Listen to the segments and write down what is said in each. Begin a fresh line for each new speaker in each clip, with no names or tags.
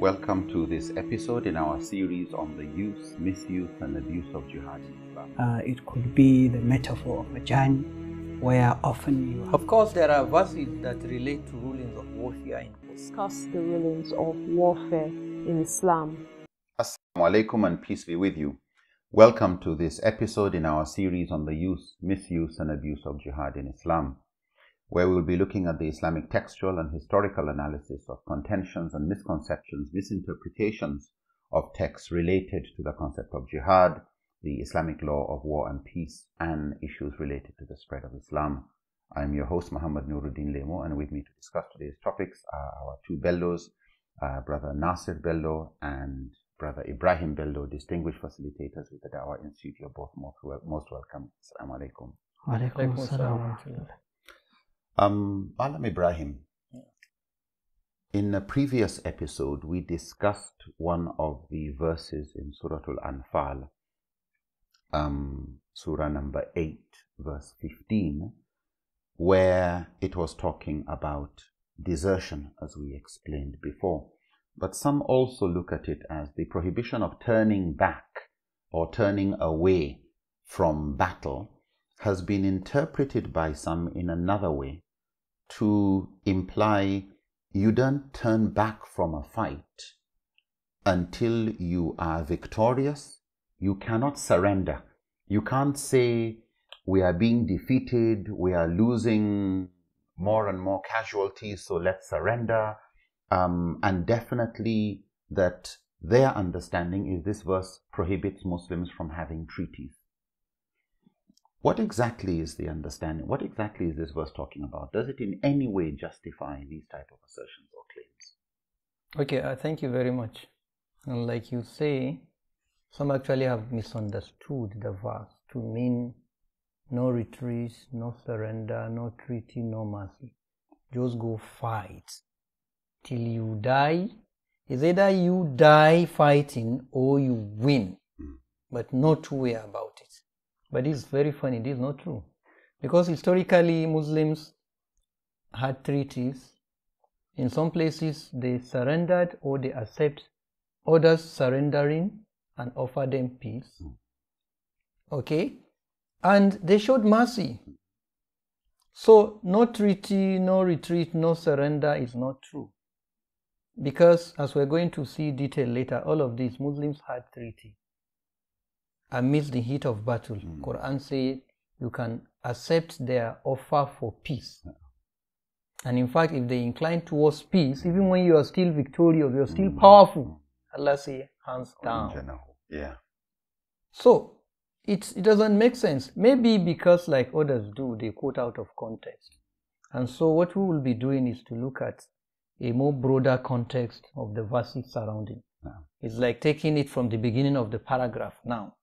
Welcome to this episode in our series on the use, misuse, and abuse of jihad in Islam.
Uh, it could be the metaphor of a journey where often
you. Of course, there are verses that relate to rulings of warfare in Discuss the rulings
of warfare in Islam.
Assalamu alaikum and peace be with you. Welcome to this episode in our series on the use, misuse, and abuse of jihad in Islam where we'll be looking at the Islamic textual and historical analysis of contentions and misconceptions, misinterpretations of texts related to the concept of jihad, the Islamic law of war and peace, and issues related to the spread of Islam. I'm your host, Muhammad Nuruddin Lemo, and with me to discuss today's topics are our two Bellos, uh, Brother Nasir Bello and Brother Ibrahim Bello, distinguished facilitators with the Dawah Institute. You're both most, most welcome. Assalamu alaikum. Wa alaikum um, Ibrahim, in a previous episode, we discussed one of the verses in Surah Al Anfal, um, Surah number 8, verse 15, where it was talking about desertion, as we explained before. But some also look at it as the prohibition of turning back or turning away from battle has been interpreted by some in another way to imply you don't turn back from a fight until you are victorious. You cannot surrender. You can't say, we are being defeated, we are losing more and more casualties, so let's surrender. Um, and definitely that their understanding is this verse prohibits Muslims from having treaties. What exactly is the understanding? What exactly is this verse talking about? Does it in any way justify these type of assertions or
claims? Okay, uh, thank you very much. And like you say, some actually have misunderstood the verse to mean no retreat, no surrender, no treaty, no mercy. Just go fight till you die. Is either you die fighting or you win, mm. but not to worry about it. But it's very funny, it is not true. Because historically, Muslims had treaties. In some places, they surrendered or they accept others surrendering and offer them peace. Hmm. Okay? And they showed mercy. So, no treaty, no retreat, no surrender is not true. Because, as we're going to see detail later, all of these Muslims had treaty amidst the heat of battle. Mm. Quran says you can accept their offer for peace. Yeah. And in fact, if they incline towards peace, even when you are still victorious, you are still mm. powerful. Hmm. Allah say hands down. Yeah. So it, it doesn't make sense. Maybe because like others do, they quote out of context. And so what we will be doing is to look at a more broader context of the verses surrounding. Yeah. It's like taking it from the beginning of the paragraph now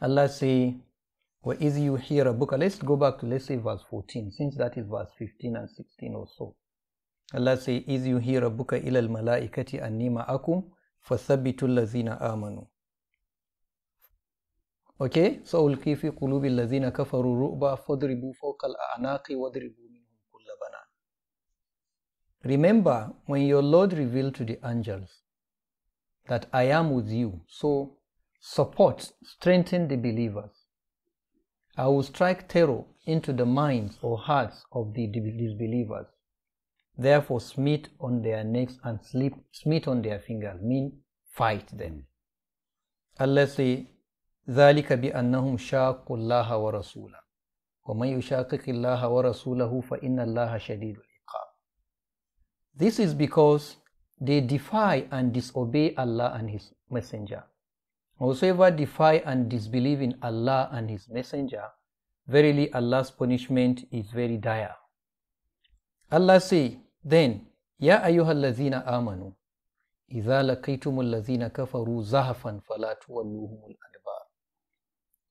Allah say, Where is you hear a book? Let's go back to let's say verse 14, since that is verse 15 and 16 or so. Allah say, Is you hear a book ilal malaikati annima akum fathabitu lazina amanu. Okay, so ulqi fi qulubi lazina kafaru ru'ba fadribu fawqa al-a'naqi wadribu minhum kulla Remember when your Lord revealed to the angels that I am with you, so Support, strengthen the believers. I will strike terror into the minds or hearts of the disbelievers. Therefore, smite on their necks and sleep, smite on their fingers, mean fight them. Allah say, ذلك بأنهم شاقوا الله ورسوله ومن يشاقق الله ورسوله فإن الله شديد العقاب This is because they defy and disobey Allah and His Messenger. Whosoever defy and disbelieve in Allah and His Messenger, verily Allah's punishment is very dire. Allah say, then, أيها الذين آمنوا إذا لقيتم الذين كفروا زهفا فلا تولوهم الأدبار.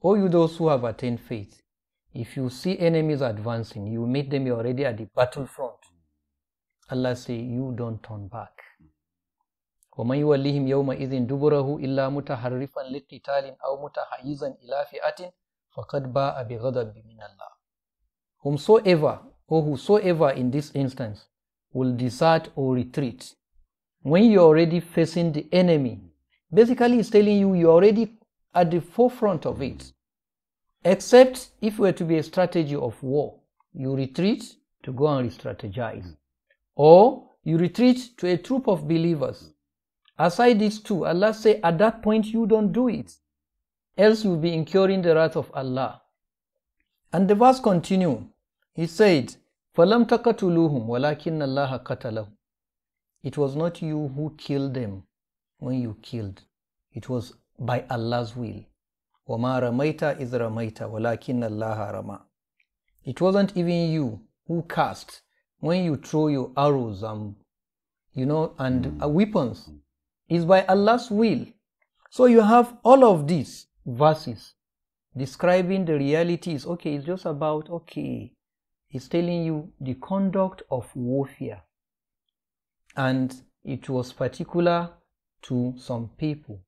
O you those who have attained faith, if you see enemies advancing, you meet them already at the battlefront. Allah say, you don't turn back. ومن يوليهم يومئذ دبره إلا متحرفا لقتال أو متحيزا إلى فئة فقد باء بغضب من الله Whomsoever or whosoever in this instance will desert or retreat when you're already facing the enemy basically it's telling you you're already at the forefront of it except if it were to be a strategy of war you retreat to go and re-strategize or you retreat to a troop of believers Aside these two, Allah say at that point you don't do it, else you'll be incurring the wrath of Allah. And the verse continue. He said, فَلَمْ تَقَتُلُوهُمْ وَلَكِنَّ اللَّهَ قَتَلَهُمْ It was not you who killed them when you killed. It was by Allah's will. وَمَا رَمَيْتَ إِذْ رَمَيْتَ وَلَكِنَّ اللَّهَ رَمَى It wasn't even you who cast when you throw your arrows and, you know, and uh, weapons is by Allah's will. So you have all of these verses describing the realities. Okay, it's just about, okay, it's telling you the conduct of warfare. And it was particular to some people.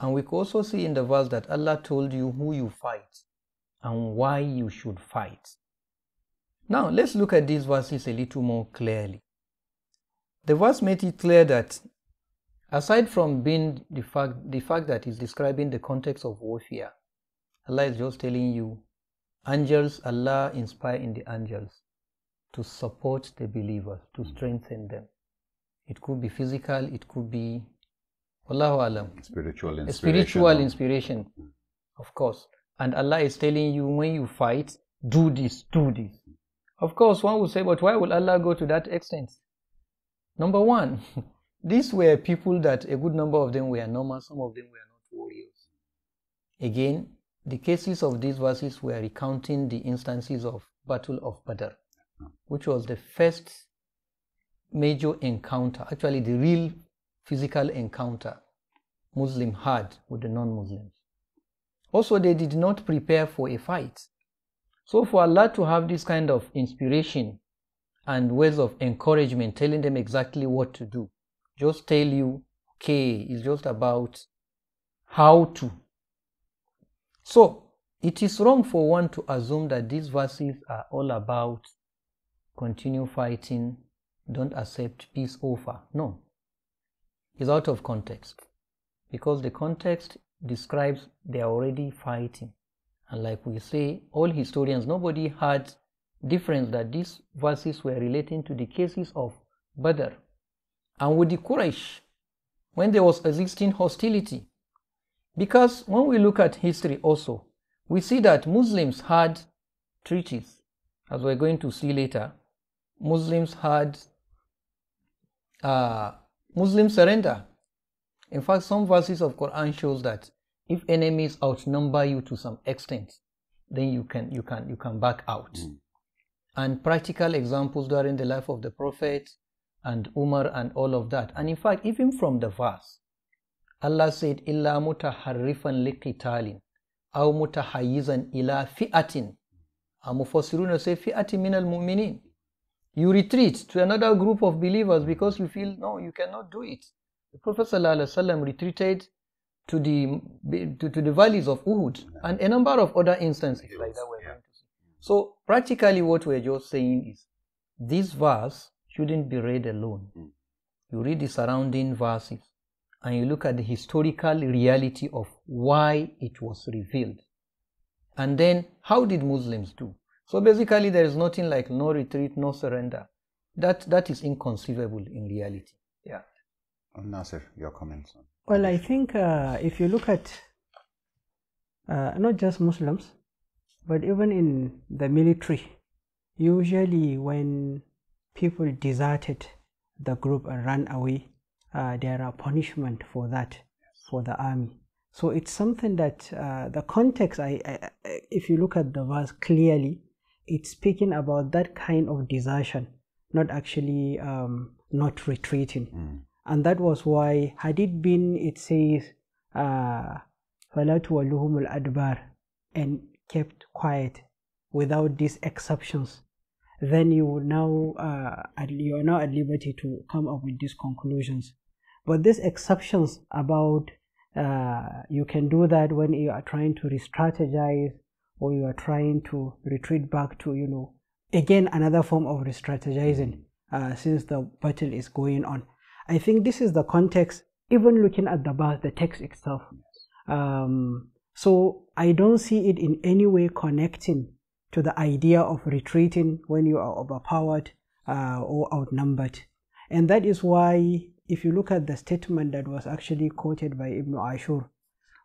And we could also see in the verse that Allah told you who you fight and why you should fight. Now, let's look at these verses a little more clearly. The verse made it clear that Aside from being the fact, the fact that is describing the context of warfare, Allah is just telling you, angels, Allah inspire in the angels to support the believers, to hmm. strengthen them. It could be physical, it could be, Allahu Alam. Spiritual inspiration. Spiritual inspiration, hmm. of course. And Allah is telling you, when you fight, do this, do this. Of course, one would say, but why will Allah go to that extent? Number one, These were people that a good number of them were normal, some of them were
not warriors.
Again, the cases of these verses were recounting the instances of Battle of Badr, which was the first major encounter, actually the real physical encounter Muslim had with the non-Muslims. Also, they did not prepare for a fight. So for Allah to have this kind of inspiration and words of encouragement telling them exactly what to do just tell you, okay, it's just about how to. So it is wrong for one to assume that these verses are all about continue fighting, don't accept peace offer. No, it's out of context because the context describes they are already fighting. And like we say, all historians, nobody had difference that these verses were relating to the cases of Badr and with the Quraysh when there was existing hostility. Because when we look at history also, we see that Muslims had treaties, as we're going to see later. Muslims had uh, Muslim surrender. In fact, some verses of Quran shows that if enemies outnumber you to some extent, then you can you can you can back out. Mm. And practical examples during the life of the Prophet, and Umar and all of that. And in fact, even from the verse, Allah said, Illa mutaharrifan liqitalin, aw mutahayyizan ila fi'atin. Amufasiruna say fi'atin min al-mu'minin. You retreat to another group of believers because you feel, no, you cannot do it. The Prophet ﷺ retreated to the, to, to, the valleys of Uhud and a number of other instances like that. We're yeah. So practically what we're just saying is this verse shouldn't be read alone. Mm. You read the surrounding verses and you look at the historical reality of why it was revealed. And then, how did Muslims do? So basically, there is nothing like no retreat, no surrender. That, that is inconceivable in reality.
Yeah. Um, Nasser, your comments.
Well, I think uh, if you look at
uh, not just Muslims, but even in the military, usually when people deserted the group and ran away, uh, there are punishment for that for the army. So it's something that uh, the context, I, I, if you look at the verse clearly, it's speaking about that kind of desertion, not actually um, not retreating. Mm. And that was why, had it been, it says, uh, and kept quiet without these exceptions, then you now uh, you are now at liberty to come up with these conclusions. But these exceptions about uh, you can do that when you are trying to re-strategize or you are trying to retreat back to you know again another form of re-strategizing uh, since the battle is going on. I think this is the context. Even looking at the the text itself. Um, so I don't see it in any way connecting to the idea of retreating when you are overpowered uh, or outnumbered. And that is why, if you look at the statement that was actually quoted by Ibn Ashur,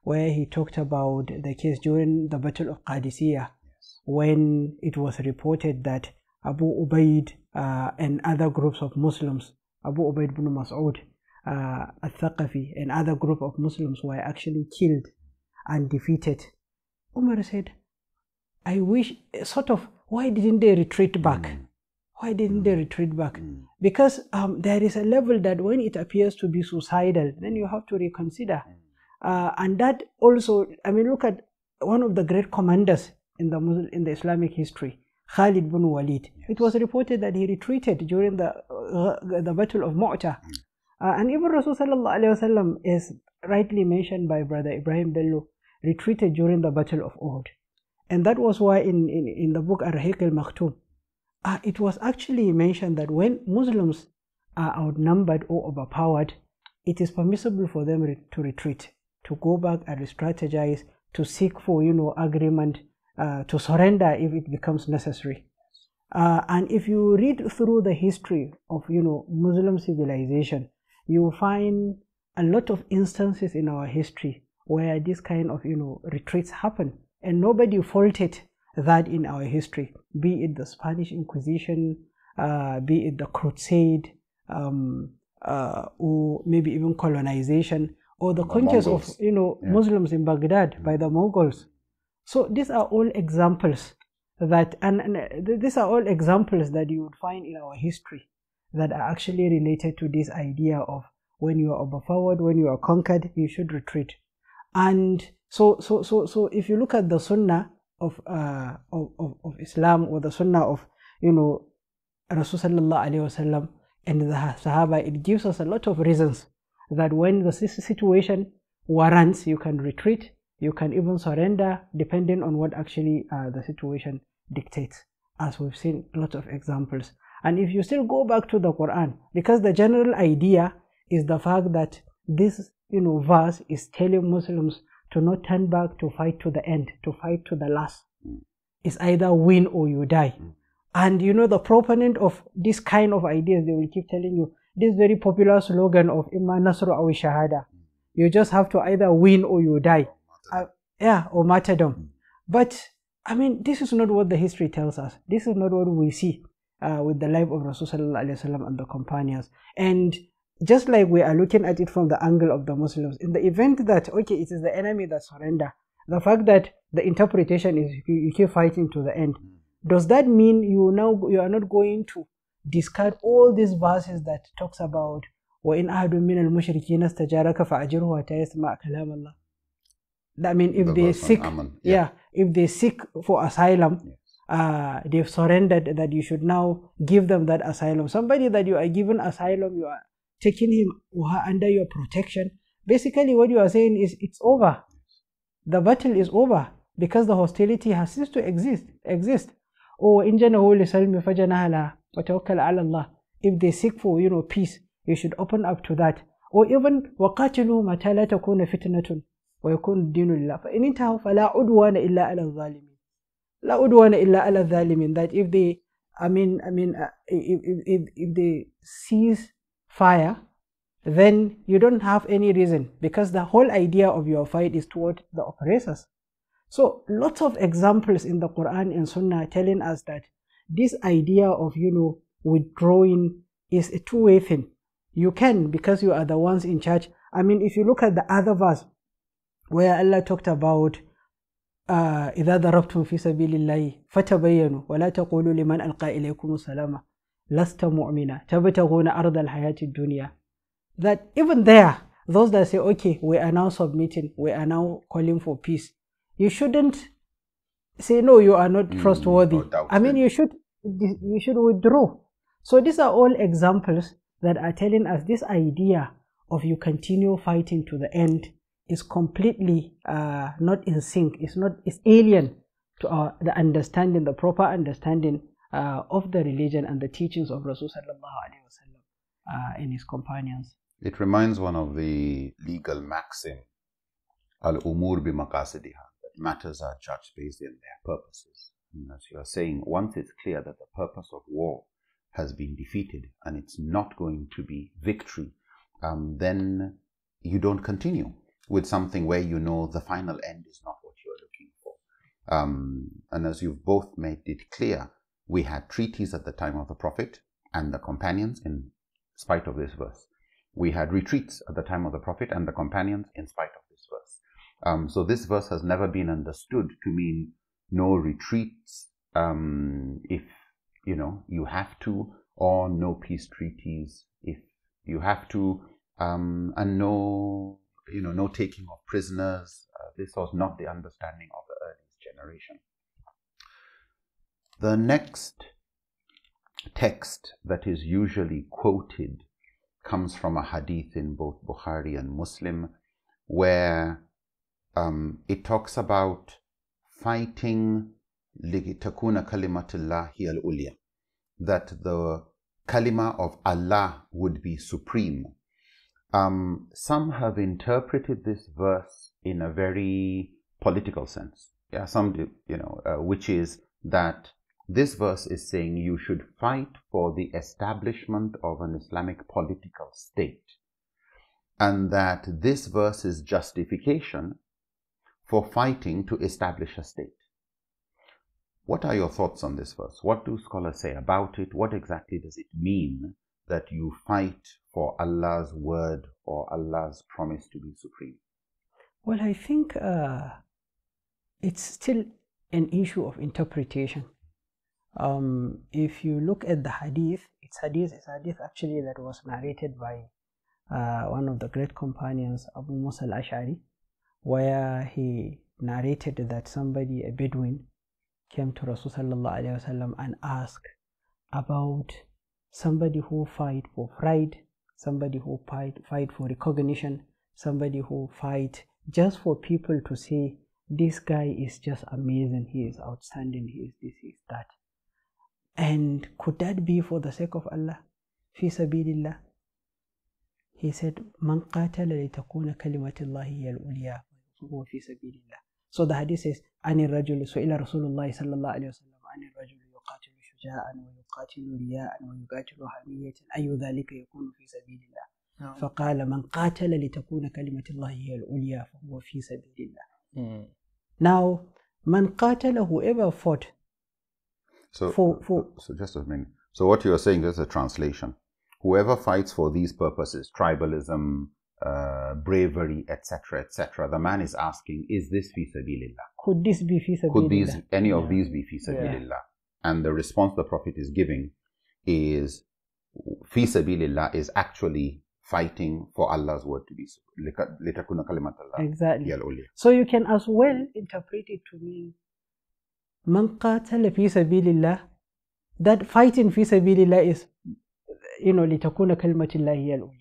where he talked about the case during the Battle of Qadisiyah, yes. when it was reported that Abu Ubaid uh, and other groups of Muslims, Abu Ubaid ibn Mas'ud, uh, al-Thaqafi and other group of Muslims were actually killed and defeated. Umar said, I wish, sort of, why didn't they retreat back? Mm. Why didn't mm. they retreat back? Mm. Because um, there is a level that when it appears to be suicidal, then you have to reconsider. Mm. Uh, and that also, I mean, look at one of the great commanders in the Muslim, in the Islamic history, Khalid bin Walid. Yes. It was reported that he retreated during the uh, the Battle of Mu'tah. Mm. Uh, and even Rasulullah is rightly mentioned by Brother Ibrahim Bello, retreated during the Battle of Uhud. And that was why in, in, in the book Ar-Rahiq al-Maktoum, uh, it was actually mentioned that when Muslims are outnumbered or overpowered, it is permissible for them re to retreat, to go back and strategize to seek for, you know, agreement, uh, to surrender if it becomes necessary. Uh, and if you read through the history of, you know, Muslim civilization, you find a lot of instances in our history where this kind of, you know, retreats happen. And nobody faulted that in our history, be it the Spanish Inquisition, uh, be it the Crusade, um, uh, or maybe even colonization, or the, the conquest of you know yeah. Muslims in Baghdad mm-hmm. by the Mongols. So these are all examples that, and, and uh, these are all examples that you would find in our history that are actually related to this idea of when you are overpowered, when you are conquered, you should retreat. And so, so, so, so if you look at the sunnah of, uh, of, of, Islam or the sunnah of, you know, Rasulullah and the Sahaba, it gives us a lot of reasons that when the situation warrants, you can retreat, you can even surrender, depending on what actually uh, the situation dictates, as we've seen lots of examples. And if you still go back to the Quran, because the general idea is the fact that this you know verse is telling Muslims to not turn back, to fight to the end, to fight to the last. Mm. It's either win or you die. Mm. And you know, the proponent of this kind of ideas, they will keep telling you this very popular slogan of "Iman am going Awi Shahada. Mm. You just have to either win or you die. Or uh, yeah, or martyrdom. But I mean, this is not what the history tells us. This is not what we see uh, with the life of Rasulullah and the companions. And just like we are looking at it from the angle of the Muslims, in the event that, okay, it is the enemy that surrender, the fact that the interpretation is you keep fighting to the end, does that mean you now you are not going to discard all these verses that talks about وَإِنْ أَحَدٌ مِّنَ الْمُشْرِكِينَ اسْتَجَارَكَ فَأَجِرْهُ حَتَّى كَلَامَ اللَّهِ I mean, if the they seek, yeah. yeah. if they seek for asylum, yes. uh, they've surrendered that you should now give them that asylum. Somebody that you are given asylum, you are taking him or her under your protection. Basically, what you are saying is it's over. The battle is over because the hostility has ceased to exist. Exist. Or oh, in general, if they seek for you know peace, you should open up to that. Or even وقاتلوا متى لا تكون فتنة ويكون الدين لله فإن انتهوا فلا عدوان إلا على الظالمين لا عدوان إلا على الظالمين that if they I mean I mean uh, if, if, if, if they cease fire, then you don't have any reason because the whole idea of your fight is toward the oppressors. So lots of examples in the Quran and Sunnah telling us that this idea of you know withdrawing is a two-way thing. You can because you are the ones in charge. I mean, if you look at the other verse where Allah talked about uh, إذا ضربتم في سبيل الله فتبينوا ولا تقولوا لمن ألقى إليكم السلام lasta mu'mina tabtaghuna ardal hayati dunya that even there those that say okay we are now submitting we are now calling for peace you shouldn't say no you are not mm, trustworthy no i mean you should you should withdraw so these are all examples that are telling us this idea of you continue fighting to the end is completely uh, not in sync it's not it's alien to our the understanding the proper understanding uh, of the religion and the teachings of Rasul uh, and his companions.
It reminds one of the legal maxim, al-umur bi maqasidiha, that matters are judged based on their purposes. And as you are saying, once it's clear that the purpose of war has been defeated and it's not going to be victory, um, then you don't continue with something where you know the final end is not what you are looking for. Um, and as you've both made it clear, we had treaties at the time of the Prophet and the companions in spite of this verse. We had retreats at the time of the Prophet and the companions in spite of this verse. Um, so this verse has never been understood to mean no retreats um, if you know you have to, or no peace treaties if you have to, um, and no you know no taking of prisoners. Uh, this was not the understanding of the earliest generation. The next text that is usually quoted comes from a hadith in both Bukhari and Muslim where um, it talks about fighting takuna kalimatullahi اللَّهِ that the kalima of Allah would be supreme. Um, some have interpreted this verse in a very political sense. Yeah, some do, you know, uh, which is that this verse is saying you should fight for the establishment of an Islamic political state. And that this verse is justification for fighting to establish a state. What are your thoughts on this verse? What do scholars say about it? What exactly does it mean that you fight for Allah's word or Allah's promise to be supreme?
Well, I think uh, it's still an issue of interpretation. Um, if you look at the hadith, it's hadith, it's hadith actually that was narrated by uh, one of the great companions, Abu Musa al-Ash'ari, where he narrated that somebody, a Bedouin, came to Rasulullah and asked about somebody who fight for pride, somebody who fight, fight for recognition, somebody who fight just for people to say, this guy is just amazing, he is outstanding, he is this, he is that. And could that be for the sake of Allah? في سبيل الله. He said, من قاتل لتكون كلمة الله هي العليا هو في سبيل الله. So the hadith says, عن الرجل سئل رسول الله صلى الله عليه وسلم عن الرجل يقاتل شجاعا ويقاتل رياء ويقاتل حمية أي ذلك يكون في سبيل الله؟ فقال من قاتل لتكون كلمة الله هي العليا فهو في سبيل الله. Now, من قاتل whoever fought
So, for, uh, for uh, so just a minute. So what you are saying is a translation. Whoever fights for these purposes, tribalism, uh, bravery, etc., etc., the man is asking, is this fi sabilillah?
Could this be fi sabilillah? Could these, any yeah. of these be fi sabilillah? Yeah.
And the response the Prophet is giving is, fi sabilillah is actually fighting for Allah's word to be
Exactly. So you can as well interpret it to mean Man qatala fi sabilillah, that fighting fi sabilillah is, you know, litakuna kalmatillahi al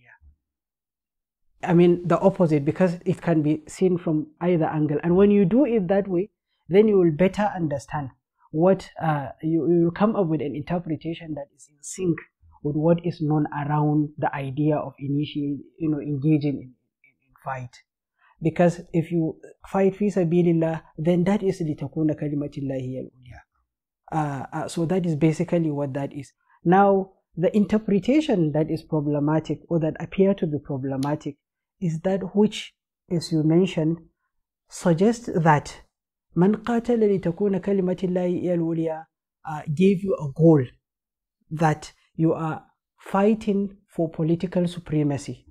I mean, the opposite, because it can be seen from either angle. And when you do it that way, then you will better understand what uh, you, you come up with an interpretation that is in sync with what is known around the idea of initiating, you know, engaging in, in, in fight because if you fight fi sabilillah then that is litakuna kalimatillahi al-ulya uh, uh, so that is basically what that is now the interpretation that is problematic or that appear to be problematic is that which as you mentioned suggests that man qatala litakuna kalimatillahi al-ulya uh, gave you a goal that you are fighting for political supremacy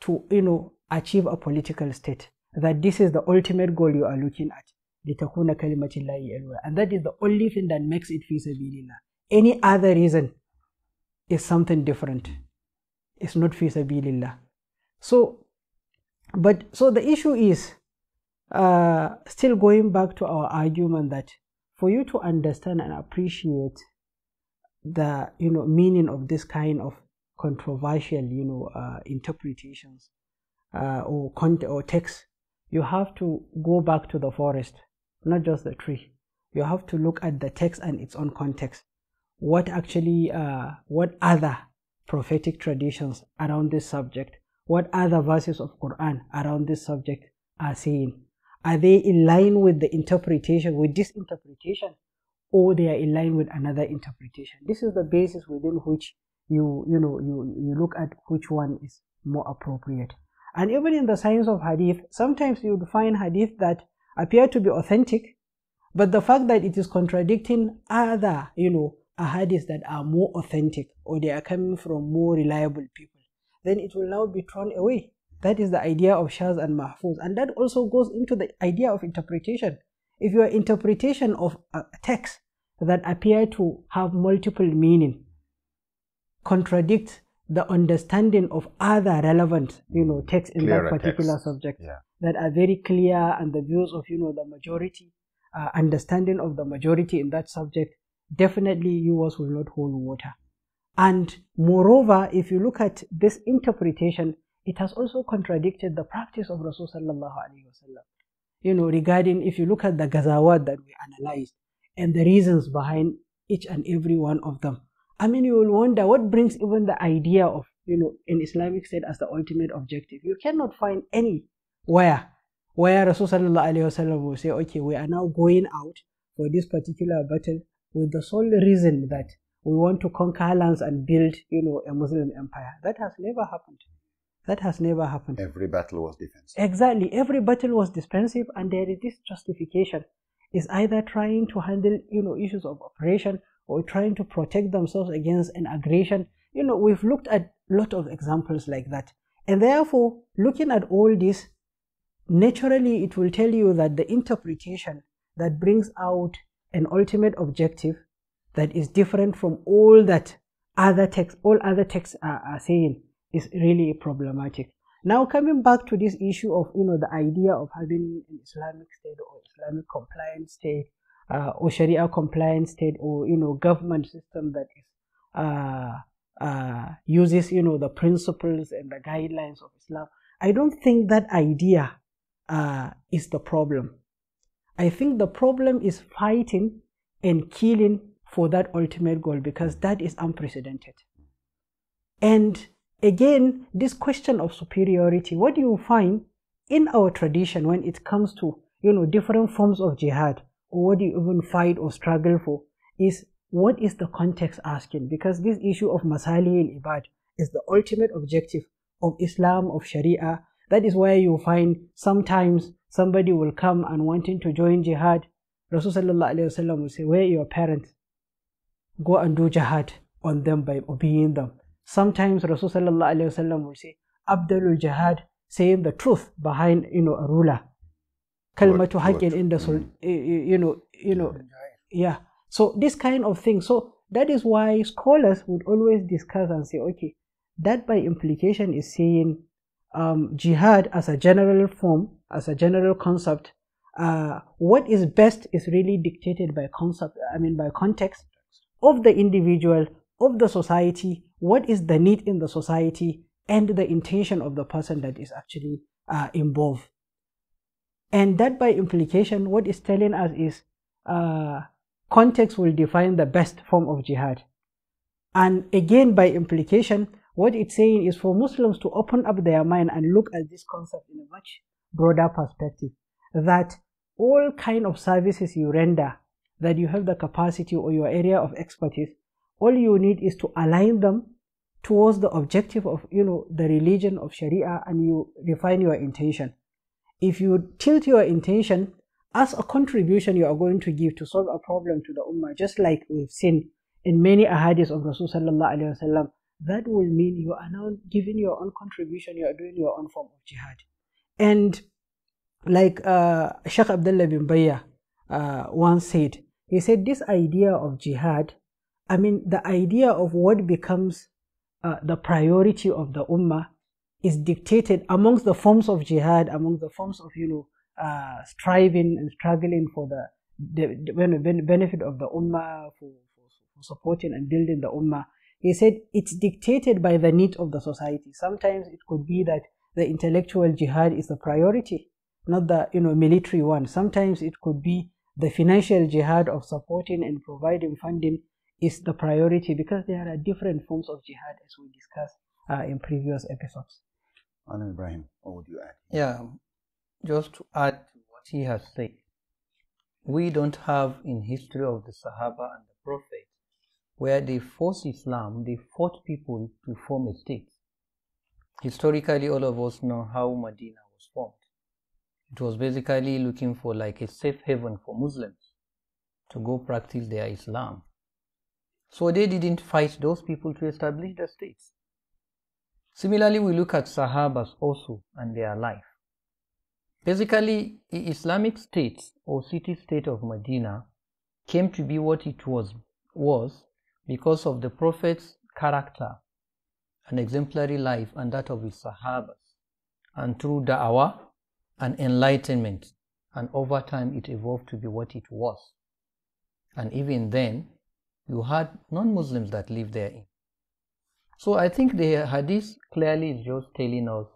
to you know achieve a political state, that this is the ultimate goal you are looking at. لتكون كلمة and that is the only thing that makes it في any other reason is something different it's not في so but so the issue is uh, still going back to our argument that for you to understand and appreciate the you know meaning of this kind of controversial you know uh, interpretations uh, or, con- or text, you have to go back to the forest, not just the tree. You have to look at the text and its own context. What actually, uh, what other prophetic traditions around this subject, what other verses of Quran around this subject are saying? Are they in line with the interpretation, with this interpretation, or they are in line with another interpretation? This is the basis within which you, you know, you, you look at which one is more appropriate. And even in the science of hadith, sometimes you would find hadith that appear to be authentic, but the fact that it is contradicting other, you know, hadiths that are more authentic or they are coming from more reliable people, then it will now be thrown away. That is the idea of Shaz and Mahfuz. And that also goes into the idea of interpretation. If your interpretation of a text that appear to have multiple meaning contradict the understanding of other relevant, you know, texts in Clearer that particular text. subject yeah. that are very clear and the views of, you know, the majority, uh, understanding of the majority in that subject, definitely yours will not hold water. And moreover, if you look at this interpretation, it has also contradicted the practice of Rasul sallallahu wasallam. You know, regarding if you look at the Ghazawat that we analyzed and the reasons behind each and every one of them, I mean, you will wonder what brings even the idea of, you know, an Islamic state as the ultimate objective. You cannot find any where where Rasulullah Wasallam will say, okay, we are now going out for this particular battle with the sole reason that we want to conquer lands and build, you know, a Muslim empire. That has never happened. That has never
happened. Every battle was defensive.
Exactly. Every battle was defensive, and there is this justification. Is either trying to handle, you know, issues of oppression or trying to protect themselves against an aggression. You know, we've looked at a lot of examples like that. And therefore, looking at all this, naturally it will tell you that the interpretation that brings out an ultimate objective that is different from all that other texts, all other texts are, are saying is really problematic. Now coming back to this issue of you know the idea of having an Islamic state or Islamic compliant state uh, or Sharia compliant state or you know government system that is uh, uh, uses you know the principles and the guidelines of Islam. I don't think that idea uh, is the problem. I think the problem is fighting and killing for that ultimate goal because that is unprecedented. And again, this question of superiority, what do you find in our tradition when it comes to you know different forms of jihad? what do you even fight or struggle for is what is the context asking? Because this issue of Masali Ibad is the ultimate objective of Islam, of Sharia. That is why you find sometimes somebody will come and wanting to join jihad. Rasulullah will say, Where are your parents? Go and do jihad on them by obeying them. Sometimes Rasulullah will say, Abdul jihad, saying the truth behind you know, a ruler kalmatu haqqin in the mm. you know you know mm. yeah so this kind of thing so that is why scholars would always discuss and say okay that by implication is saying um, jihad as a general form as a general concept uh, what is best is really dictated by concept i mean by context of the individual of the society what is the need in the society and the intention of the person that is actually uh, involved and that by implication, what is telling us is uh, context will define the best form of jihad. And again, by implication, what it's saying is for Muslims to open up their mind and look at this concept in a much broader perspective. That all kind of services you render, that you have the capacity or your area of expertise, all you need is to align them towards the objective of you know the religion of Sharia and you refine your intention if you tilt your intention as a contribution you are going to give to solve a problem to the ummah, just like we've seen in many ahadith of Rasulullah wasallam, that will mean you are now giving your own contribution, you are doing your own form of jihad. And like uh, Sheikh Abdullah bin Bayya uh, once said, he said this idea of jihad, I mean the idea of what becomes uh, the priority of the ummah is dictated amongst the forms of jihad, amongst the forms of, you know, uh, striving and struggling for the, the, the benefit of the ummah, for, for, supporting and building the ummah. He said it's dictated by the need of the society. Sometimes it could be that the intellectual jihad is the priority, not the you know military one. Sometimes it could be the financial jihad of supporting and providing funding is the priority
because there are different
forms of jihad as we discussed
uh, in previous episodes.
Anand Ibrahim, what would you add?
Yeah, just to add to what he has said. We don't have in history of the Sahaba and the Prophet where they forced Islam, they fought people to form a state. Historically, all of us know how Medina was formed. It was basically looking for like a safe haven for Muslims to go practice their Islam. So they didn't fight those people to establish the states. Similarly, we look at Sahabas also and their life. Basically, the Islamic State or city-state of Medina came to be what it was, was because of the Prophet's character, an exemplary life and that of his Sahabas, and through da'wah and enlightenment, and over time it evolved to be what it was. And even then, you had non-Muslims that lived therein. So I think the hadith clearly is just telling us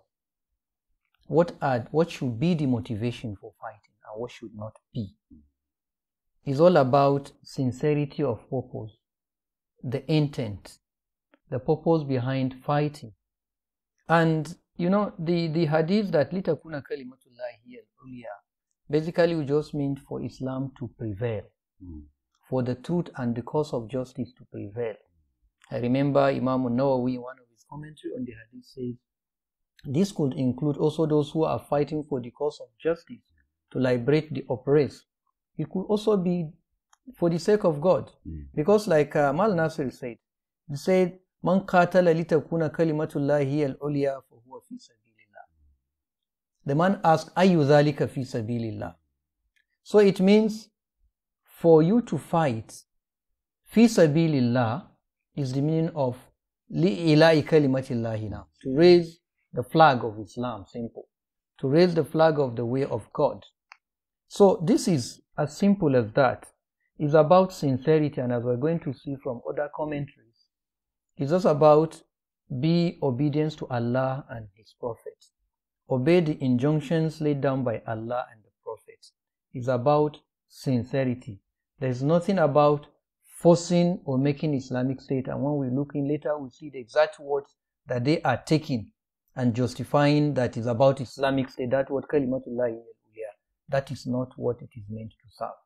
what are what should be the motivation for fighting and what should not be. It's all about sincerity of purpose, the intent, the purpose behind fighting. And you know the, the hadith that litakuna kalimatullahi al-ulya basically just meant for Islam to prevail, mm. for the truth and the cause of justice to prevail. I remember Imam Nawawi, one of his commentary on the hadith, says this could include also those who are fighting for the cause of justice to liberate the oppressed. It could also be for the sake of God, mm. because like uh, Mal Nasir said, he said, "Man qatala litakuna kalimatullahi al-ulya fa fi sabilillah." The man asked, "Ayu dhalika fi sabilillah?" So it means for you to fight fi sabilillah is the meaning of li kalimatillahi now. To raise the flag of Islam, simple. To raise the flag of the way of God. So this is as simple as that. It's about sincerity and as we're going to see from other commentaries, it's just about be obedient to Allah and His Prophet. Obey the injunctions laid down by Allah and the Prophet. It's about sincerity. There's nothing about forcing or making Islamic State. And when we look in later, we see the exact words that they are taking and justifying that is about Islamic State. That what Kalimatullah that is not what it is meant to serve.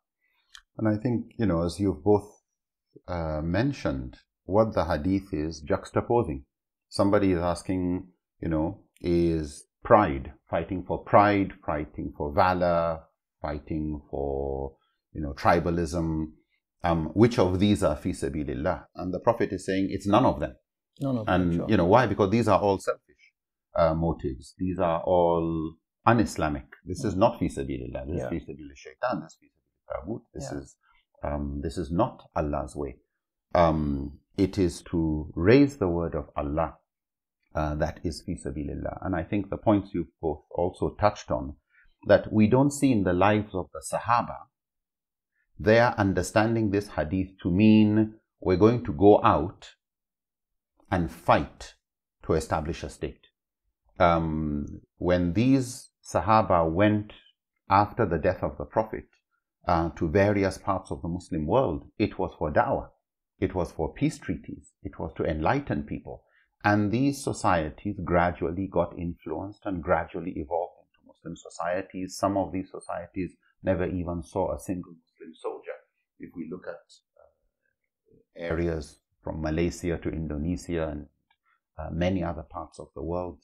And I think, you know, as you've both uh, mentioned, what the hadith is juxtaposing. Somebody is asking, you know, is pride, fighting for pride, fighting for valor, fighting for, you know, tribalism, um, which of these are fi sabilillah? And the Prophet is saying it's none of them.
None of them. And sure. you know
why? Because these are all selfish uh, motives. These are all un-Islamic. This is not fi sabilillah. This yeah. is fi sabilillah shaitan. This is fi sabilillah This yeah. is um, this is not Allah's way. Um, it is to raise the word of Allah. Uh, that is fi sabilillah. And I think the points you've both also touched on that we don't see in the lives of the Sahaba they are understanding this hadith to mean we're going to go out and fight to establish a state. Um, when these Sahaba went after the death of the Prophet uh, to various parts of the Muslim world, it was for da'wah, it was for peace treaties, it was to enlighten people. And these societies gradually got influenced and gradually evolved into Muslim societies. Some of these societies never even saw a single military soldier. If we look at uh, areas from Malaysia to Indonesia and uh, many other parts of the world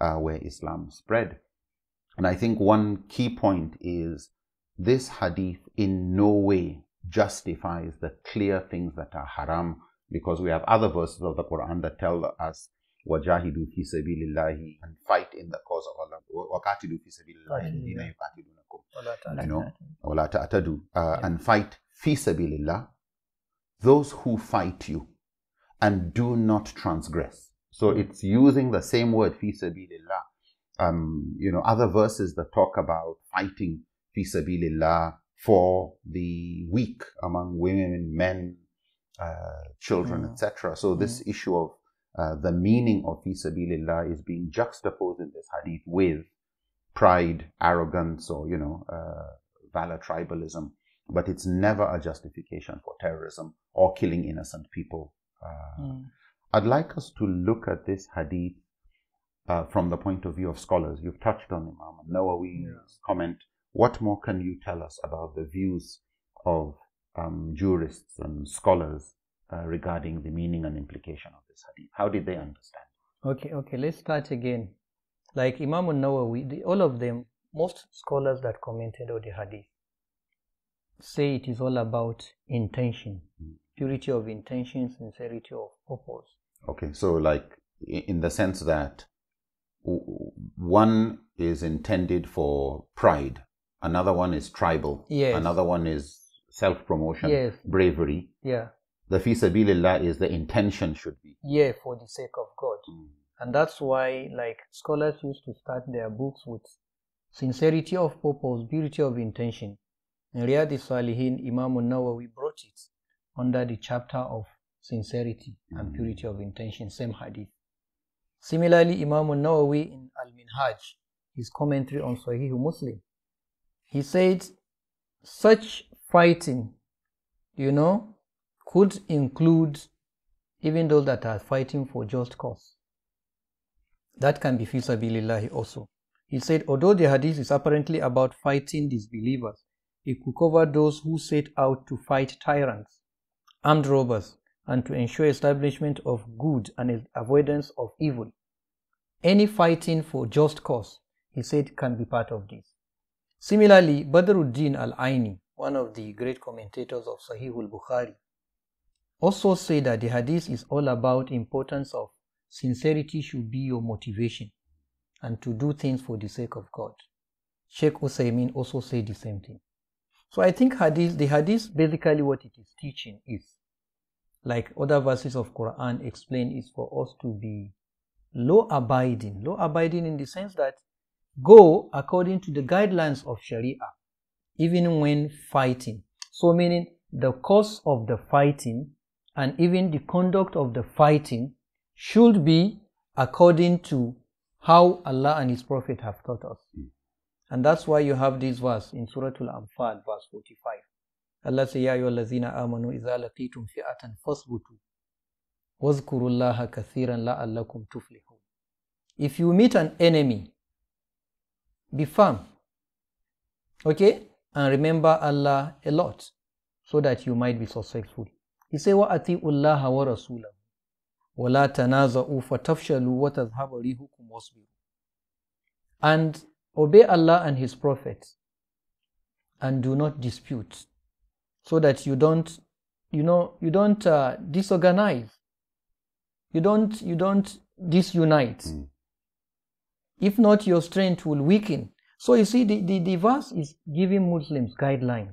uh, where Islam spread. And I think one key point is this hadith in no way justifies the clear things that are haram because we have other verses of the Quran that tell us وَجَاهِدُوا فِي سَبِيلِ and fight in the cause of Allah وَقَاتِلُوا فِي سَبِيلِ you know, uh, yeah. and fight fi sabilillah, those who fight you, and do not transgress. So hmm. it's using the same word fi sabilillah. Um, you know, other verses that talk about fighting fi sabilillah for the weak among women, men, uh, children, mm. etc. So mm. this hmm. issue of uh, the meaning of fi sabilillah is being juxtaposed in this hadith with pride, arrogance, or, you know, uh, valor tribalism. But it's never a justification for terrorism or killing innocent people. Uh, mm. I'd like us to look at this hadith uh, from the point of view of scholars. You've touched on Imam Nawawi's yes. comment. What more can you tell us about the views of um, jurists and scholars uh, regarding the meaning and implication of this hadith? How did they understand?
Okay, okay, let's start again. Like Imam al-Nawawi, all of them, most scholars that commented on the hadith, say it is all about intention, hmm. purity of intention, sincerity of purpose.
Okay, so like in the sense that one is intended for pride, another one is tribal, yes. another one is self-promotion, yes. bravery. Yeah. The fi sabilillah is the intention should
be. Yeah, for the sake of God. Mm and that's why like scholars used to start their books with sincerity of purpose purity of intention in riyadh salihin imam nawawi brought it under the chapter of sincerity mm. and purity of intention same hadith similarly imam nawawi in al-minhaj his commentary on sahih muslim he said such fighting you know could include even those that are fighting for just cause that can be fisabilillahi also. He said, although the hadith is apparently about fighting disbelievers, it could cover those who set out to fight tyrants, armed robbers, and to ensure establishment of good and avoidance of evil. Any fighting for just cause, he said, can be part of this. Similarly, Badruddin al-Aini, one of the great commentators of Sahih al-Bukhari, also said that the hadith is all about importance of Sincerity should be your motivation and to do things for the sake of God. Sheikh Usaymin also said the same thing. So I think hadith, the hadith basically what it is teaching is, like other verses of Quran explain, is for us to be law abiding. Law abiding in the sense that go according to the guidelines of Sharia, even when fighting. So meaning the cause of the fighting and even the conduct of the fighting should be according to how Allah and His Prophet have taught us. And that's why you have this verse in Surah Al-Anfal, verse 45. Allah says, يَا أَيُّهَا الَّذِينَ آمَنُوا إِذَا لَقِيتُمْ فِئَةً فَاثْبُتُوا وَاذْكُرُوا اللَّهَ If you meet an enemy, be firm, okay? And remember Allah a lot so that you might be successful. He said, وَأَطِيعُوا اللَّهَ وَرَسُولَهُ وَلَا تَنَازَعُوا فَتَفْشَلُوا وَتَذْهَبَ رِيهُكُمْ وَاصْبِرُوا And obey Allah and His Prophet and do not dispute so that you don't, you know, you don't uh, disorganize. You don't, you don't disunite. Mm. If not, your strength will weaken. So you see, the, the, the verse is giving Muslims guidelines.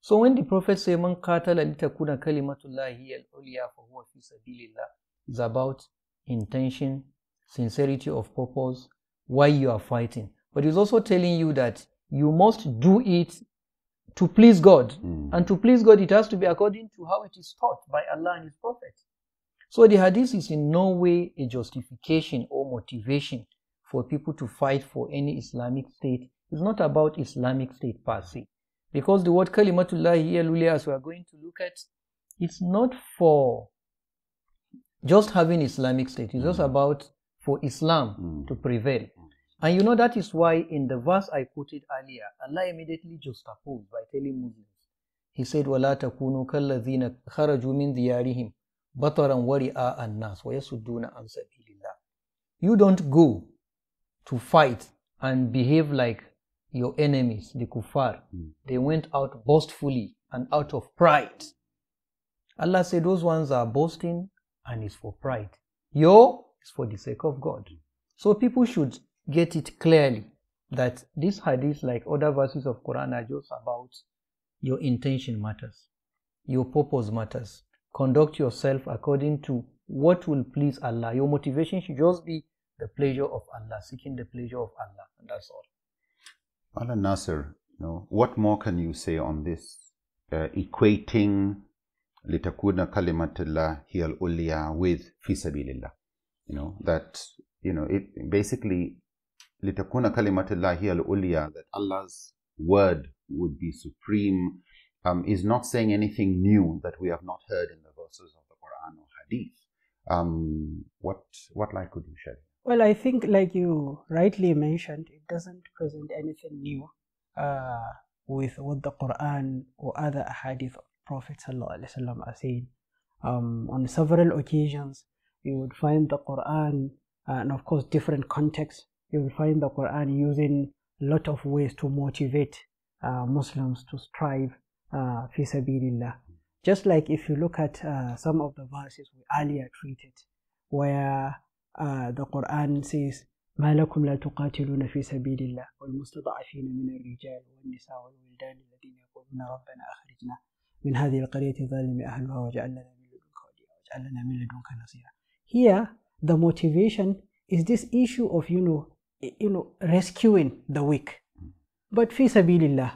So when the Prophet said, Man qatala litakuna kalimatullahi al-ulya fahuwa fi sabilillah is about intention, sincerity of purpose, why you are fighting. But he's also telling you that you must do it to please God. Mm. And to please God, it has to be according to how it is taught by Allah and His Prophet. So the hadith is in no way a justification or motivation for people to fight for any Islamic state. It's not about Islamic state per se. Because the word kalimatullah here, as we are going to look at, it's not for just having Islamic State. It's just mm. about for Islam mm. to prevail. And you know that is why in the verse I quoted earlier, Allah immediately just opposed by telling Muslims. He said, وَلَا تَكُونُوا كَالَّذِينَ خَرَجُوا مِنْ دِيَارِهِمْ بَطَرًا وَرِئَاءَ النَّاسِ وَيَسُدُّونَ عَنْ سَبِيلِ اللَّهِ You don't go to fight and behave like your enemies, the kuffar. Mm. They went out boastfully and out of pride. Allah said those ones are boasting and is for pride. Yo is for the sake of God. So people should get it clearly that this hadith, like other verses of Quran, are just about your intention matters, your purpose matters. Conduct yourself according to what will please Allah. Your motivation should just be the pleasure of Allah, seeking the pleasure of
Allah, and that's all. Allah Nasser, you know, what more can you say on this? Uh, equating لتكون كلمة الله هي with في you know that you know it basically litakuna كلمة الله هي that Allah's word would be supreme um, is not saying anything new that we have not heard in the verses of the Quran or Hadith um, what what light could you shed
well I think like you rightly mentioned it doesn't present anything new uh, with what the Quran or other hadith Prophet has said. Um, on several occasions, you would find the Quran, uh, and of course, different contexts, you will find the Quran using a lot of ways to motivate uh, Muslims to strive uh, fi sabilillah. Just like if you look at uh, some of the verses we earlier treated, where uh, the Quran says, ما لكم لا تقاتلون في سبيل الله والمستضعفين من الرجال والنساء والولدان الذين يقولون ربنا أخرجنا من هذه القرية الظالمة أهلها وجعلنا من لدنك وليا وجعلنا من لدنك نصيرا here the motivation is this issue of you know you know rescuing the weak but في سبيل الله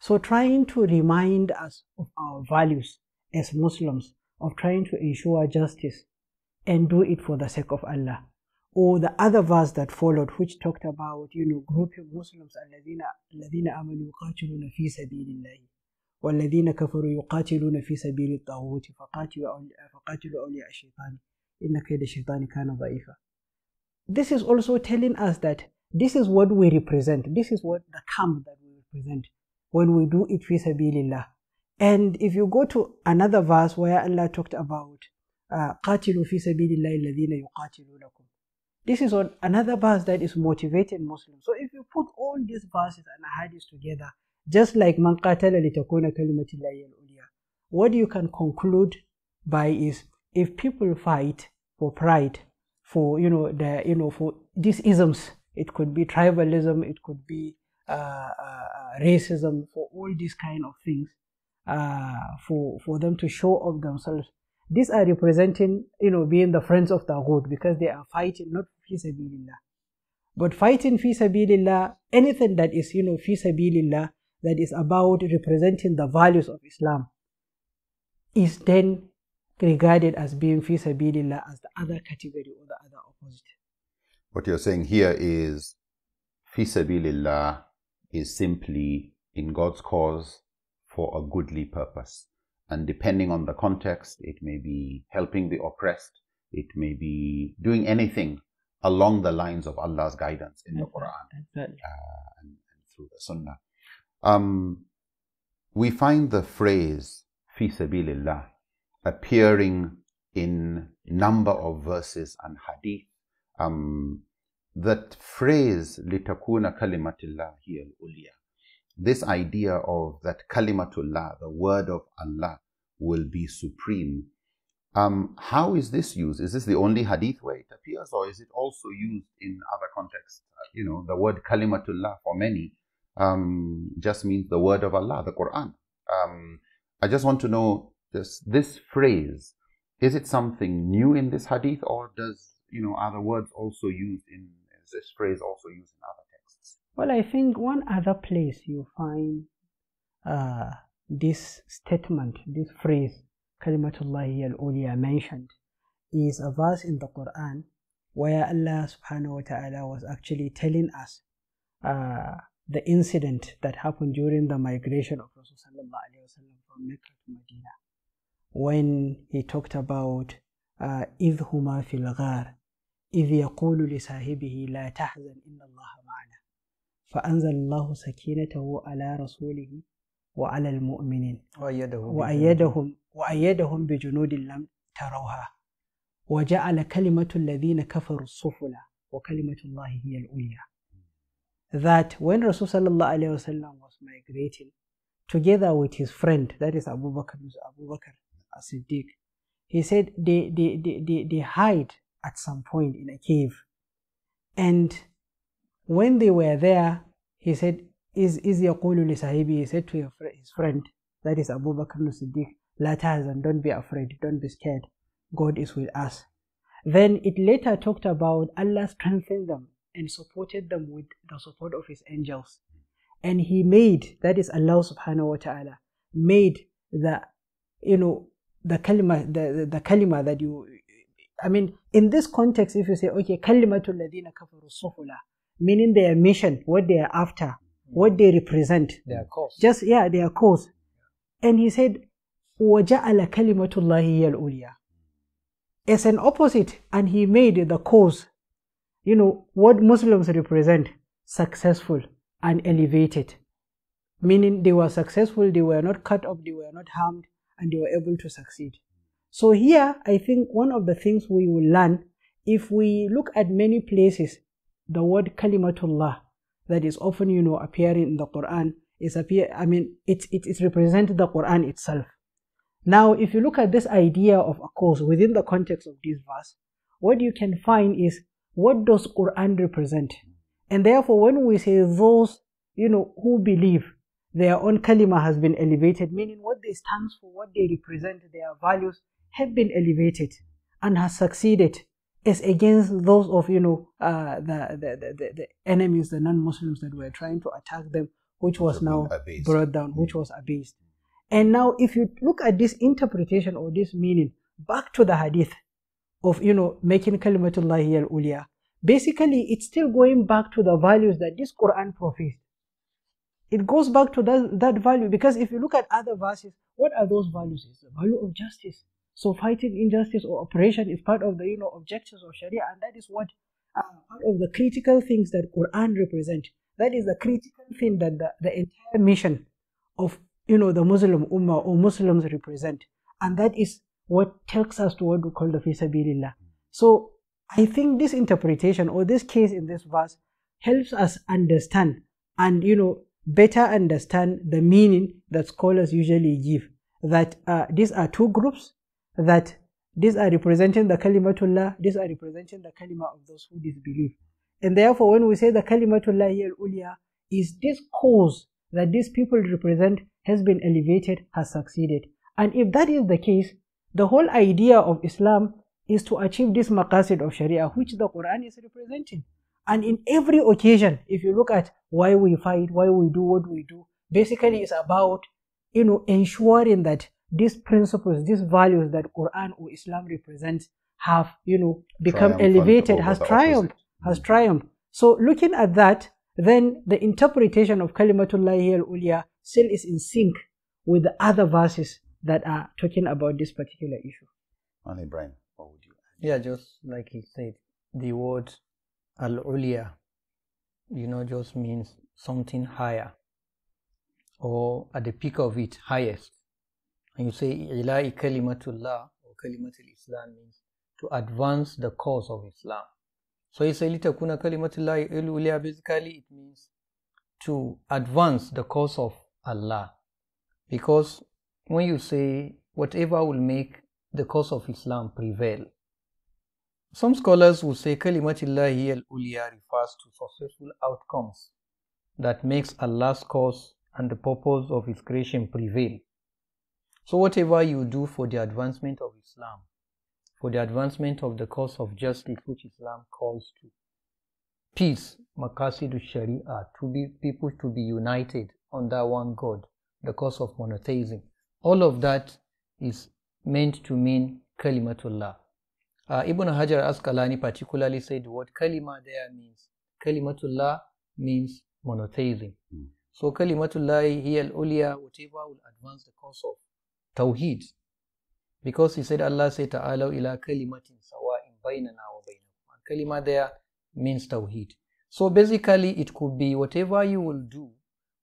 so trying to remind us of our values as Muslims of trying to ensure justice and do it for the sake of Allah or the other verse that followed which talked about you know grouping Muslims الذين الذين آمنوا يقاتلون في سبيل الله والذين كفروا يقاتلون في سبيل الطاغوت فقاتلوا أولياء, فقاتلوا أولياء الشيطان إن كيد الشيطان كان ضعيفا This is also telling us that this is what we represent. This is what the camp that we represent when we do it fi sabilillah. And if you go to another verse where Allah talked about قاتلوا في سبيل الله الذين يقاتلونكم This is on another verse that is motivating Muslims. So if you put all these verses and hadiths together, just like man qatala litakuna kalimatullahi al-ulya. What you can conclude by is if people fight for pride, for you know the you know for these isms, it could be tribalism, it could be uh, uh, uh racism, for all these kind of things, uh, for for them to show off themselves. These are representing you know being the friends of the good because they are fighting not fi sabilillah, but fighting fi sabilillah anything that is you know fi that is about representing the values of Islam is then regarded as being fi as the other category or the other opposite.
What you're saying here is fi is simply in God's cause for a goodly purpose. And depending on the context, it may be helping the oppressed, it may be doing anything along the lines of Allah's guidance in the Quran uh, and through the Sunnah. Um, we find the phrase fi sabilillah appearing in number of verses and hadith. Um, that phrase litakuna kalimatillah" hiya this idea of that kalimatullah the word of Allah will be supreme um, how is this used is this the only hadith where it appears or is it also used in other contexts uh, you know the word kalimatullah for many um, just means the word of Allah, the Quran. Um, I just want to know this, this phrase, is it something new in this hadith or does, you know, are the words also used in, is this phrase also used in other texts?
Well, I think one other place you find uh, this statement, this phrase, kalimatullahi al-uliya mentioned is a verse in the Quran where Allah subhanahu wa ta'ala was actually telling us uh, the incident that happened during the migration of Rasulullah from Mecca to Medina when he talked about إذ هما في الغار إذ يقول لِسَاهِبِهِ لا تحزن إن الله معنا فأنزل الله سكينته على رسوله وعلى المؤمنين وأيدهم وأيدهم, وأيدهم بجنود لم تروها وجعل كلمة الذين كفروا السفلى وكلمة الله هي الأولى that when Rasulullah was migrating, together with his friend, that is Abu Bakr, Abu Bakr as-Siddiq, he said they, they, they, they, they hide at some point in a cave. And when they were there, he said, is, is يقول sahibi?" he said to his friend, that is Abu Bakr as-Siddiq, La tahzan, don't be afraid, don't be scared, God is with us. Then it later talked about Allah strengthened them and supported them with the support of his angels. And he made, that is Allah subhanahu wa ta'ala, made the, you know, the kalima, the, the, the kalima that you, I mean, in this context, if you say, okay, kalimatul ladina kafaru sufula, meaning their mission, what they are after, what they represent. Their cause. Just, yeah, their cause. And he said, وَجَعَلَ كَلِمَةُ اللَّهِ هِيَ الْأُولِيَا as an opposite and he made the cause you know what muslims represent successful and elevated meaning they were successful they were not cut off they were not harmed and they were able to succeed so here i think one of the things we will learn if we look at many places the word kalimatullah that is often you know appearing in the quran is appear i mean it, it, it represents the quran itself now if you look at this idea of a cause within the context of this verse what you can find is what does Quran represent? And therefore, when we say those, you know, who believe, their own kalima has been elevated, meaning what they stand for, what they represent, their values have been elevated and has succeeded is against those of, you know, uh, the, the, the, the, enemies, the non-Muslims that were trying to attack them, which was now abased. brought down, which mm. was abased. And now, if you look at this interpretation or this meaning, back to the hadith, of you know making kalimatullah here ulia basically it's still going back to the values that this quran professed it goes back to that, that value because if you look at other verses what are those values it's the value of justice so fighting injustice or oppression is part of the you know objectives of sharia and that is what uh, part of the critical things that quran represent that is the critical thing that the, the entire mission of you know the muslim ummah or muslims represent and that is what takes us to what we call the fisabilillah. So I think this interpretation or this case in this verse helps us understand and you know better understand the meaning that scholars usually give that uh, these are two groups that these are representing the kalimatullah these are representing the kalima of those who disbelieve and therefore when we say the kalimatullah here ulia is this cause that these people represent has been elevated has succeeded and if that is the case the whole idea of Islam is to achieve this maqasid of Sharia, which the Quran is representing. And in every occasion, if you look at why we fight, why we do what we do, basically it's about you know ensuring that these principles, these values that Quran or Islam represents have you know become Triumphant elevated, has triumphed, has triumphed. So looking at that, then the interpretation of kalimatullahi al-Uliya still is in sync with the other verses that are talking about this particular issue.
Only Brian, what would you
add? Yeah, just like he said, the word al ulia, you know, just means something higher or at the peak of it, highest. And you say ilahi kalimatullah or kalimatul Islam means to advance the cause of Islam. So he said litakuna kalimatullah al ulia basically it means to advance the cause of Allah because when you say whatever will make the cause of Islam prevail. Some scholars will say kalimatillahi al-Uliya refers to successful outcomes that makes Allah's cause and the purpose of his creation prevail. So whatever you do for the advancement of Islam, for the advancement of the cause of justice which Islam calls to, peace, makasidu sharia, to be people to be united under one God, the cause of monotheism all of that is meant to mean kalimatullah. Uh, Ibn Hajar Asqalani particularly said what word kalima there means kalimatullah means monotheism. Mm. So kalimatullah here ulia whatever will advance the cause of tawheed. Because he said Allah said ta'ala ila kalimatin sawa'in bainana wa bainakum. Kalima there means tawheed. So basically it could be whatever you will do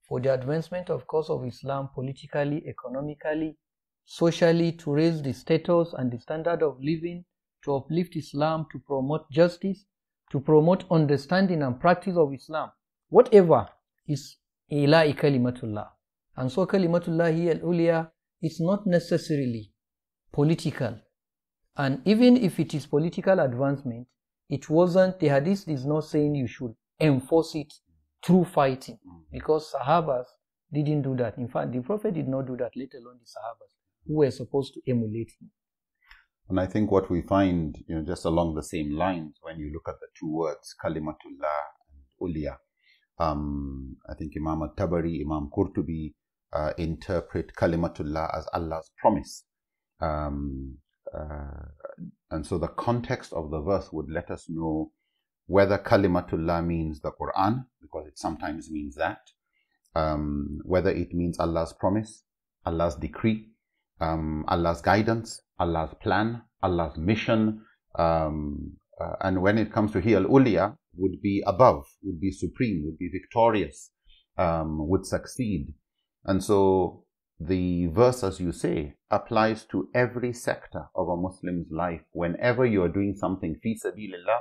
for the advancement of cause of Islam politically, economically, socially, to raise the status and the standard of living, to uplift Islam, to promote justice, to promote understanding and practice of Islam. Whatever is ila'i kalimatullah. And so kalimatullahi al-uliya is not necessarily political. And even if it is political advancement, it wasn't, the hadith is not saying you should enforce it through fighting mm. because Sahabas didn't do that. In fact, the Prophet did not do that, let alone the Sahabas who were supposed to emulate him.
And I think what we find, you know, just along the same lines, when you look at the two words, kalimatullah and ulia, um, I think Imam Al tabari Imam Qurtubi uh, interpret kalimatullah as Allah's promise. Um, uh, and so the context of the verse would let us know whether Kalimatullah means the Quran, because it sometimes means that, um, whether it means Allah's promise, Allah's decree, um, Allah's guidance, Allah's plan, Allah's mission, um, uh, and when it comes to here, al-uliya would be above, would be supreme, would be victorious, um, would succeed. And so the verse, as you say, applies to every sector of a Muslim's life. Whenever you are doing something fi sabilillah,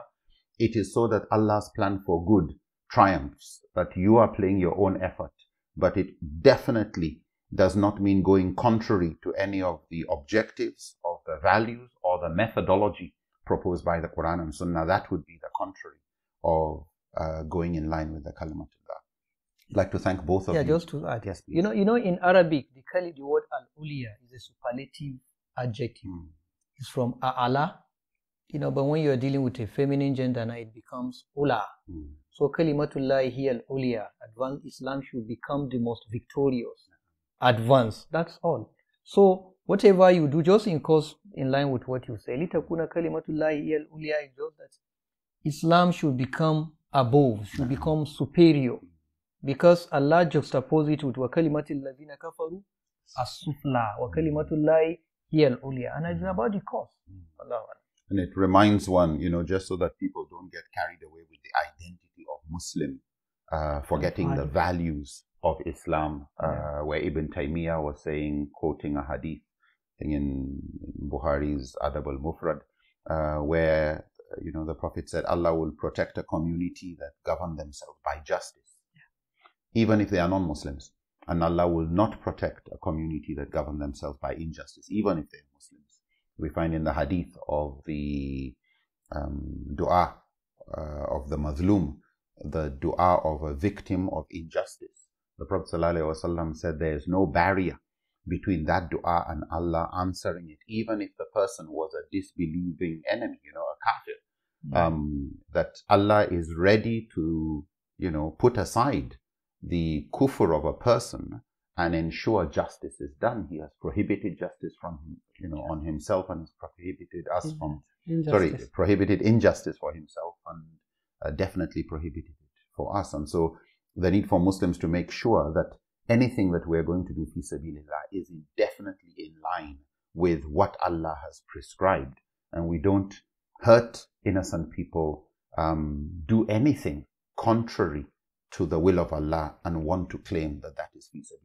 it is so that Allah's plan for good triumphs, that you are playing your own effort. But it definitely does not mean going contrary to any of the objectives of the values or the methodology proposed by the Quran and Sunnah. That would be the contrary of uh, going in line with the Kalimatullah. I'd like to thank both of yeah, you. Yeah, just to
add. Yes, you know, you know, in Arabic, the, the word al-uliya is a superlative adjective. Mm. It's from a'ala you know, but when you're dealing with a feminine gender now, it becomes ula. Mm. So kalimatullah al ulia. Advanced Islam should become the most victorious. Advanced. That's all. So whatever you do, just in course, in line with what you say, litakuna kalimatullahi hiya uliya is just that Islam should become above, should become superior. Because Allah juxtaposes it with wa kalimatil ladina kafaru as-sufla wa hmm. kalimatullahi hiya al-ulia. And it's about the cause. Hmm.
Allah and it reminds one, you know, just so that people don't get carried away with the identity of Muslim, uh, forgetting the values of Islam, uh, yeah. where Ibn Taymiyyah was saying, quoting a hadith in Buhari's Adab al-Mufrad, uh, where, you know, the Prophet said, Allah will protect a community that govern themselves by justice, yeah. even if they are non-Muslims. And Allah will not protect a community that govern themselves by injustice, even if they are Muslim. We find in the hadith of the um, dua uh, of the mazlum, the dua of a victim of injustice. The Prophet ﷺ said there is no barrier between that dua and Allah answering it, even if the person was a disbelieving enemy, you know, a kafir. Um, that Allah is ready to, you know, put aside the kufr of a person and ensure justice is done. He has prohibited justice from you know, on himself and has prohibited us In, from injustice. sorry, prohibited injustice for himself and uh, definitely prohibited it for us. And so the need for Muslims to make sure that anything that we're going to do fi sabilillah is definitely in line with what Allah has prescribed and we don't hurt innocent people, um, do anything contrary to the will of Allah and want to claim that that is fi sabilillah.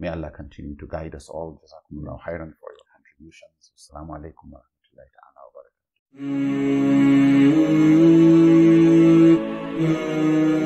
May Allah continue to guide us all. Jazakumullah khairan for your contributions. Assalamu alaikum wa rahmatullahi wa barakatuh. Mm-hmm. Mm-hmm.